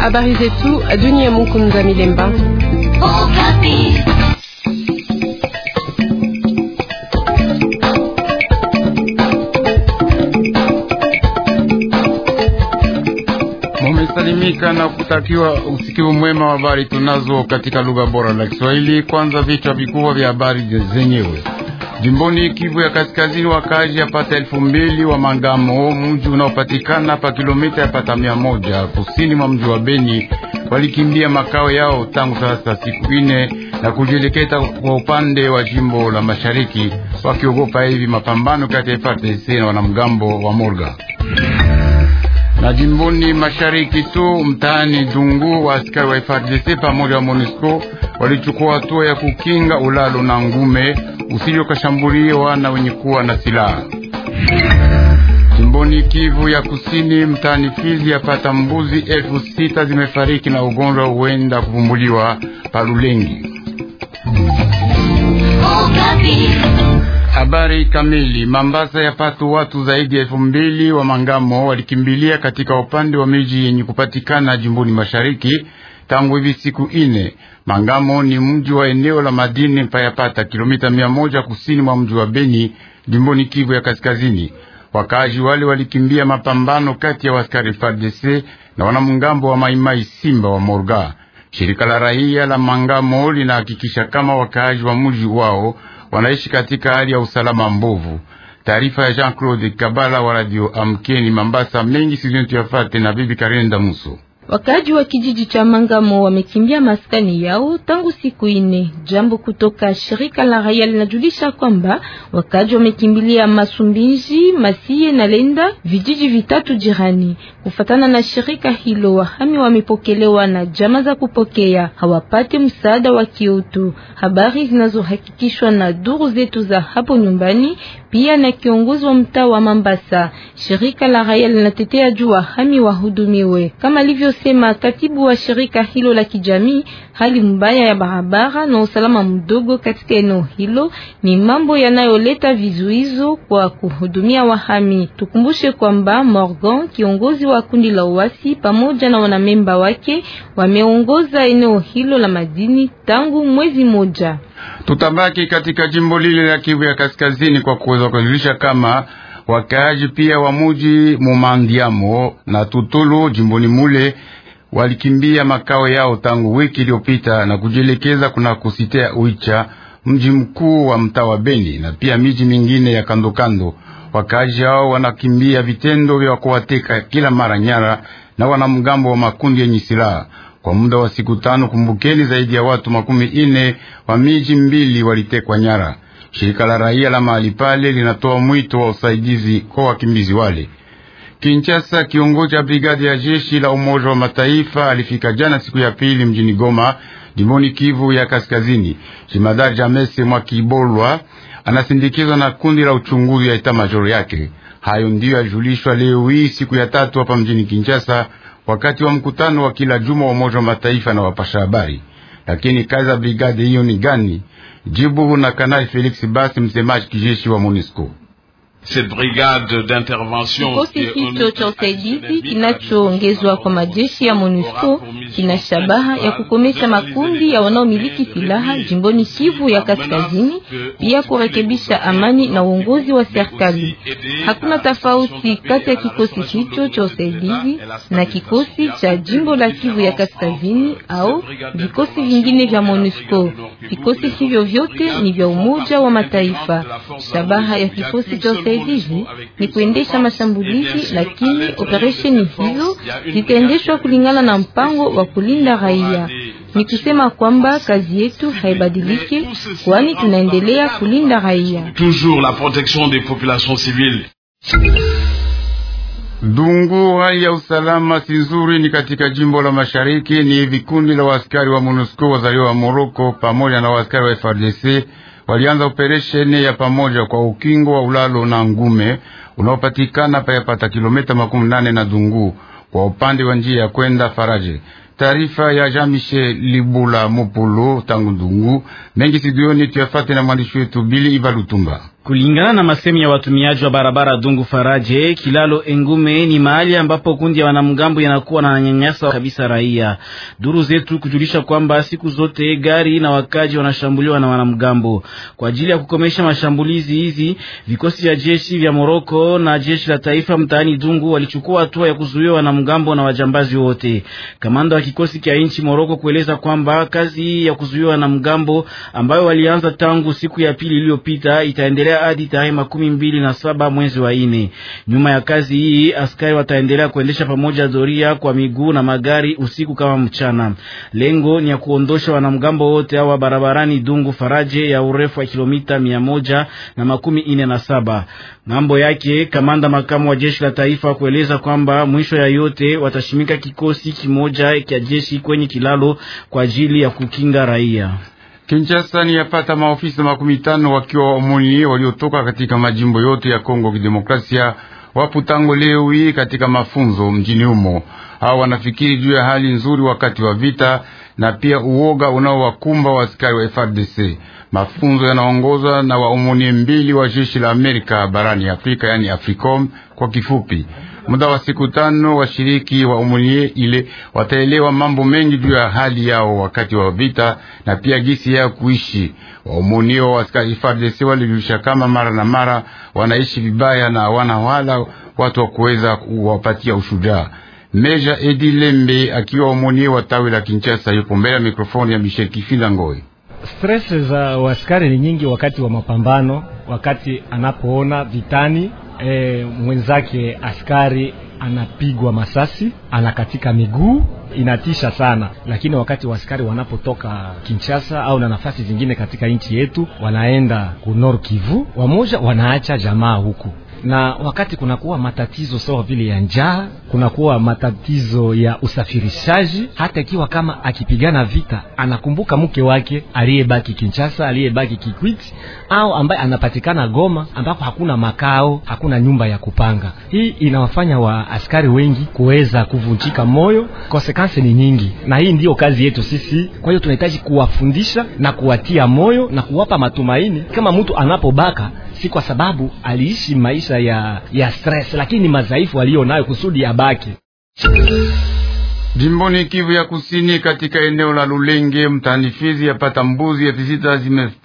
Habari zetu dunia Mukunza Milemba. Mumesalimika na kutakiwa usikivu mwema wa habari tunazo katika lugha bora la Kiswahili. Kwanza vichwa vikubwa vya habari zenyewe. Jimboni Kivu ya kaskazini, wakazi ya pata elfu mbili wa Mangamo, mji unaopatikana pa kilomita ya pata mia moja kusini mwa mji wa Beni, walikimbia makao yao tangu sasa siku ine na kujielekeza kwa upande wa jimbo la mashariki, wakiogopa hivi mapambano kati ya FARDC na wanamgambo wa Morga na jimboni mashariki tu mtaani Dungu wa askari wa FARDC pamoja wa MONUSCO walichukua hatua ya kukinga ulalo na ngume usije ukashambulie wana wenye kuwa na silaha. Jimboni Kivu ya Kusini, mtaani Fizi, yapata mbuzi elfu sita zimefariki na ugonjwa huenda kuvumbuliwa Palulengi. Habari kamili. Mambasa patu watu zaidi ya elfu mbili wa mangamo walikimbilia katika upande wa miji yenye kupatikana jimboni mashariki tangu hivi siku ine. Mangamo ni mji wa eneo la madini payapata kilomita mia moja kusini mwa mji wa Beni, jimboni Kivu ya Kaskazini. Wakaaji wale walikimbia mapambano kati ya waskari FARDC na wanamungambo wa Maimai Simba wa Morga. Shirika la raia la Mangamo linahakikisha kama wakaaji wa mji wao wanaishi katika hali ya usalama mbovu. Taarifa ya Jean-Claude Kabala wa Radio Amkeni Mambasa mengi sizontu yafate na bibi Karenda Muso. Wakaaji wa kijiji cha Mangamo wamekimbia maskani yao tangu siku ine. Jambo kutoka shirika la raia linajulisha kwamba wakaaji wamekimbilia Masumbiji, Masie na Lenda, vijiji vitatu jirani. Kufatana na shirika hilo, wahami wamepokelewa na jama za kupokea, hawapati msaada wa kiutu. Habari zinazohakikishwa na duru zetu za hapo nyumbani pia na kiongozi wa mtaa wa Mambasa. Shirika la raia linatetea juu wahami wahudumiwe kama livyo alisema katibu wa shirika hilo la kijamii. Hali mbaya ya barabara na usalama mdogo katika eneo hilo ni mambo yanayoleta vizuizo kwa kuhudumia wahami. Tukumbushe kwamba Morgan, kiongozi wa kundi la uasi, pamoja na wanamemba wake wameongoza eneo hilo la madini tangu mwezi moja. Tutabaki katika jimbo lile la Kivu ya Kaskazini kwa kuweza kujulisha kama Wakaaji pia wa muji Mumandiamo na Tutulu jimboni mule walikimbia makao yao tangu wiki iliyopita na kujielekeza kuna kusitea Uicha, mji mkuu wa mtaa wa Beni na pia miji mingine ya kandokando. Wakaaji hao wanakimbia vitendo vya kuwateka kila mara nyara na wanamgambo wa makundi yenye silaha kwa muda wa siku tano. Kumbukeni, zaidi ya watu makumi ine wa miji mbili walitekwa nyara. Shirika la raia la mahali pale linatoa mwito wa usaidizi kwa wakimbizi wale. kinchasa kiongozi cha brigadi ya jeshi la Umoja wa Mataifa alifika jana siku ya pili mjini Goma, jimboni Kivu ya Kaskazini. Jimadari Jamese Mwakibolwa anasindikizwa na kundi la uchunguzi ya ita majoro yake. Hayo ndiyo yajulishwa leo hii siku ya tatu hapa mjini kinchasa wakati wa mkutano wa kila juma wa Umoja wa Mataifa na wapasha habari lakini kazi ya brigade hiyo ni gani? Jibu na Kanali Felix Basi, msemaji kijeshi wa MONUSCO. Kikosi cha usaidizi kinachoongezwa kwa majeshi ya MONUSCO kina shabaha ya kukomesha makundi ya wanaomiliki silaha jimboni Kivu ya Kaskazini, pia kurekebisha amani na uongozi wa serikali. Hakuna tofauti kati ya kikosi hicho cha usaidizi na kikosi cha jimbo la Kivu ya Kaskazini au vikosi vingine vya MONUSCO. Vikosi hivyo vyote ni vya Umoja wa Mataifa. Shabaha ya kikosi cha hivi ni kuendesha mashambulizi, lakini operesheni hizo zitaendeshwa kulingana na mpango wa kulinda raia. Ni kusema kwamba kazi yetu haibadiliki, kwani tunaendelea kulinda raia. Dungu hali ya usalama si nzuri ni katika jimbo la mashariki. Ni vikundi la waskari wa MONUSCO wazaliwa wa Moroko pamoja na waskari wa FARDC walianza operesheni ya pamoja kwa ukingo wa ulalo na Ngume unaopatikana payapata kilomita makumi nane na Dungu kwa upande wa njia ya kwenda Faraje. Taarifa ya Jean Michel Libula Mopolo tangu Dungu mengi sidioni tuyafate na mwandishi wetu Bili Ivalutumba. Kulingana na masemi ya watumiaji wa barabara Dungu Faraje, kilalo Engume ni mahali ambapo kundi ya wanamgambo yanakuwa na nyanyasa kabisa raia. Duru zetu kujulisha kwamba siku zote gari na wakaji wanashambuliwa na wanamgambo. Kwa ajili ya kukomesha mashambulizi hizi, vikosi vya jeshi vya Moroko na jeshi la taifa mtaani Dungu walichukua hatua ya kuzuia wanamgambo na wajambazi wote. Kamanda wa kikosi cha nchi Moroko kueleza kwamba kazi ya kuzuia wanamgambo ambayo walianza tangu siku ya pili iliyopita itaendelea kuendelea hadi tarehe makumi mbili na saba mwezi wa ine. Nyuma ya kazi hii, askari wataendelea kuendesha pamoja doria kwa miguu na magari usiku kama mchana. Lengo ni ya kuondosha wanamgambo wote hawa barabarani Dungu Faraje ya urefu wa kilomita mia moja na makumi ine na saba. Ngambo yake kamanda makamu wa jeshi la taifa kueleza kwamba mwisho ya yote watashimika kikosi kimoja cha jeshi kwenye kilalo kwa ajili ya kukinga raia. Kinshasa ni yapata maofisa makumi tano wakiwa omoni waliotoka katika majimbo yote ya Kongo Kidemokrasia wapo tangu leo hii katika mafunzo mjini humo. Hao wanafikiri juu ya hali nzuri wakati wa vita na pia uoga unaowakumba wasikari wa frdc Mafunzo yanaongozwa na waomonie mbili wa jeshi la Amerika barani Afrika, yani AFRICOM kwa kifupi muda wa siku tano. Washiriki wa umulie ile wataelewa mambo mengi juu ya hali yao wakati wa vita na pia gisi yao kuishi. Waumunia wa askari FARDC walijulisha kama mara na mara wanaishi vibaya na hawana wala watu wa kuweza kuwapatia ushujaa. Meja Edi Lembe akiwa umunie wa tawi la Kinshasa yupo mbele ya mikrofoni ya Michel Kifinda Ngoi. Stress za waskari ni nyingi wakati wa mapambano, wakati anapoona vitani eh, mwenzake askari anapigwa masasi, anakatika miguu, inatisha sana. Lakini wakati wa askari wanapotoka Kinshasa au na nafasi zingine katika nchi yetu, wanaenda ku Nord Kivu, wamoja wanaacha jamaa huku na wakati kunakuwa matatizo sawa vile ya njaa, kunakuwa matatizo ya usafirishaji. Hata ikiwa kama akipigana vita anakumbuka mke wake aliyebaki Kinshasa, aliyebaki Kikwiti au ambaye anapatikana Goma, ambapo hakuna makao, hakuna nyumba ya kupanga. Hii inawafanya wa askari wengi kuweza kuvunjika moyo. Konsekansi ni nyingi, na hii ndiyo kazi yetu sisi. Kwa hiyo tunahitaji kuwafundisha na kuwatia moyo na kuwapa matumaini, kama mtu anapobaka si kwa sababu aliishi maisha ya ya stress, lakini madhaifu aliyo nayo kusudi abaki. Jimboni Kivu ya Kusini, katika eneo la Lulenge mtaani Fizi, yapata mbuzi elfu sita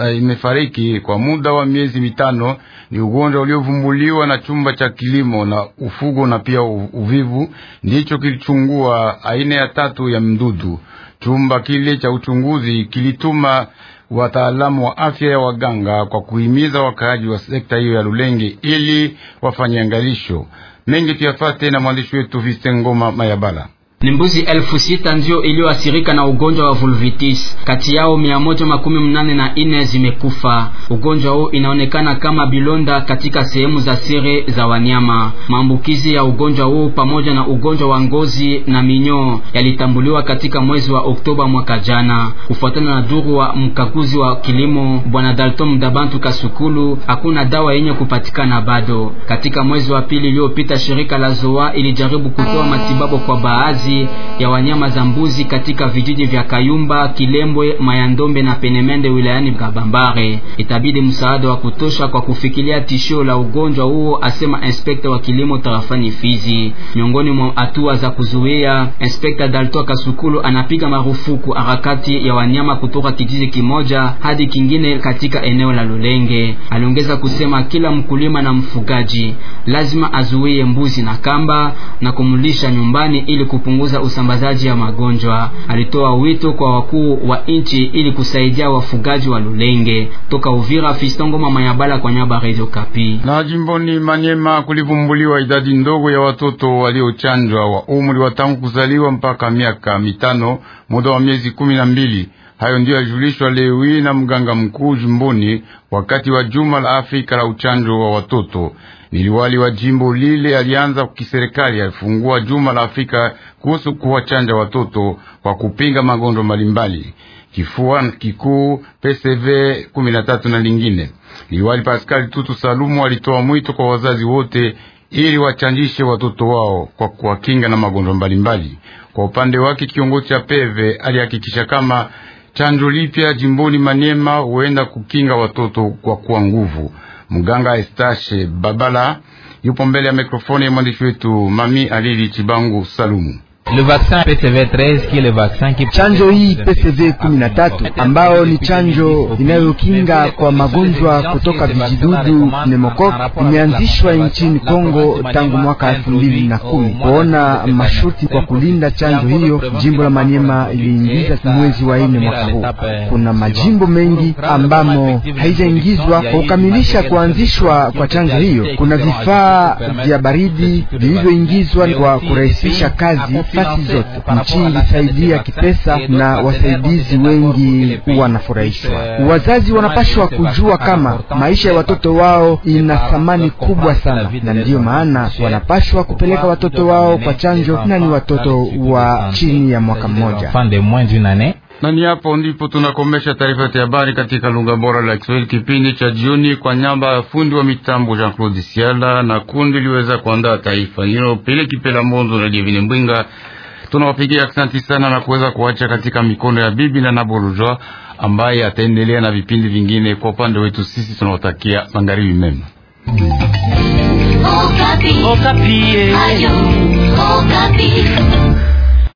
eh, imefariki kwa muda wa miezi mitano. Ni ugonjwa uliovumbuliwa na chumba cha kilimo na ufugo na pia uvivu, ndicho kilichungua aina ya tatu ya mdudu. Chumba kile cha uchunguzi kilituma wataalamu wa afya ya waganga kwa kuhimiza wakaaji wa sekta hiyo ya Lulenge ili wafanye angalisho mengi tuyafate na mwandishi wetu Viste Ngoma Mayabala. Ni mbuzi elfu sita ndio iliyoathirika na ugonjwa wa vulvitis, kati yao mia moja makumi mnane na ine zimekufa. Ugonjwa huu inaonekana kama bilonda katika sehemu za siri za wanyama. Maambukizi ya ugonjwa huu pamoja na ugonjwa wa ngozi na minyoo yalitambuliwa katika mwezi wa Oktoba mwaka jana. Kufuatana na duru wa mkaguzi wa kilimo Bwana Dalton Mdabantu Kasukulu, hakuna dawa yenye kupatikana bado. Katika mwezi wa pili iliyopita, shirika la Zoa ilijaribu kutoa matibabu kwa baadhi maambukizi ya wanyama za mbuzi katika vijiji vya Kayumba, Kilembwe, Mayandombe na Penemende wilayani Kabambare. Itabidi msaada wa kutosha kwa kufikilia tishio la ugonjwa huo, asema inspekta wa kilimo tarafani Fizi. Miongoni mwa hatua za kuzuia, inspekta Dalto Kasukulu anapiga marufuku harakati ya wanyama kutoka kijiji kimoja hadi kingine katika eneo la Lulenge. Aliongeza kusema kila mkulima na mfugaji lazima azuie mbuzi na kamba na kumlisha nyumbani ili kupunguza kupunguza usambazaji ya magonjwa. Alitoa wito kwa wakuu wa nchi ili kusaidia wafugaji wa lulenge. Toka Uvira, Fistongo mama ya bala kwa nyaba, Radio Kapi. Na jimboni Manyema kulivumbuliwa idadi ndogo ya watoto waliochanjwa wa umri wa tangu kuzaliwa mpaka miaka mitano, muda wa miezi kumi na mbili. Hayo ndiyo yajulishwa leo hii na mganga mkuu jimboni wakati wa juma la Afrika la uchanjo wa watoto. Niliwali wa jimbo lile alianza kiserikali, alifungua juma la Afrika kuhusu kuwachanja watoto kwa kupinga magonjwa mbalimbali, kifua kikuu, PCV 13 na lingine. Niliwali Pascal Tutu Salumu alitoa mwito kwa wazazi wote ili wachanjishe watoto wao kwa kuwakinga na magonjwa mbalimbali. Kwa upande wake, kiongozi cha peve alihakikisha kama Chanjo lipya jimboni manema huenda kukinga watoto kwa kuwa nguvu. Mganga Estashe Babala yupo mbele ya mikrofoni ya mwandishi wetu Mami Alili Chibangu Salumu. Le vaccin PCV 13, qui est le vaccin qui... chanjo hii PCV 13 ambao ni chanjo inayokinga kwa magonjwa kutoka vijidudu nemokok imeanzishwa nchini Kongo tangu mwaka 2010 Kuona masharti kwa kulinda chanjo hiyo, jimbo la Maniema iliingiza mwezi wa nne mwaka huu. Kuna majimbo mengi ambamo haijaingizwa. Kwa kukamilisha kuanzishwa kwa chanjo hiyo, kuna vifaa vya baridi vilivyoingizwa kwa kurahisisha kazi nyakati zote nchi ilisaidia kipesa na wasaidizi wengi wanafurahishwa. Eh, Wazazi wanapashwa kujua kama maisha ya watoto wao ina thamani kubwa sana, na ndiyo maana wanapashwa kupeleka watoto wao kwa chanjo, na ni watoto wa chini ya mwaka mmoja na ni hapo ndipo tunakomesha taarifa ya habari katika lugha bora la Kiswahili kipindi cha jioni, kwa nyamba ya fundi wa mitambo Jean Claude Siala na kundi liweza kuandaa taifa hilo Pele Kipela Mbondo na Jevine Mbwinga tunawapigia asanti sana na kuweza kuacha katika mikono ya bibi na Nabolujwa ambaye ataendelea na vipindi vingine. Kwa upande wetu sisi tunawatakia magharibi mema. Okapi. Okapi. Eh. Ayo. Okapi.